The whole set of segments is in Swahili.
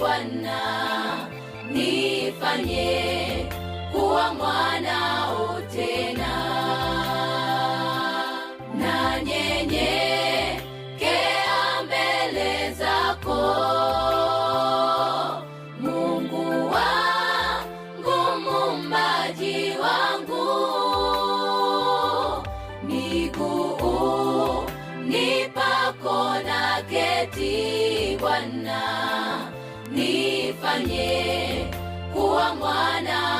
Bwana, nifanye kuwa mwana tena, na nyenyekea mbele zako Mungu wangu, muumbaji wangu, miguu nipako na keti Bwana kufanye kuwa mwana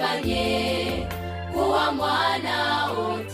nifanye kuwa mwanao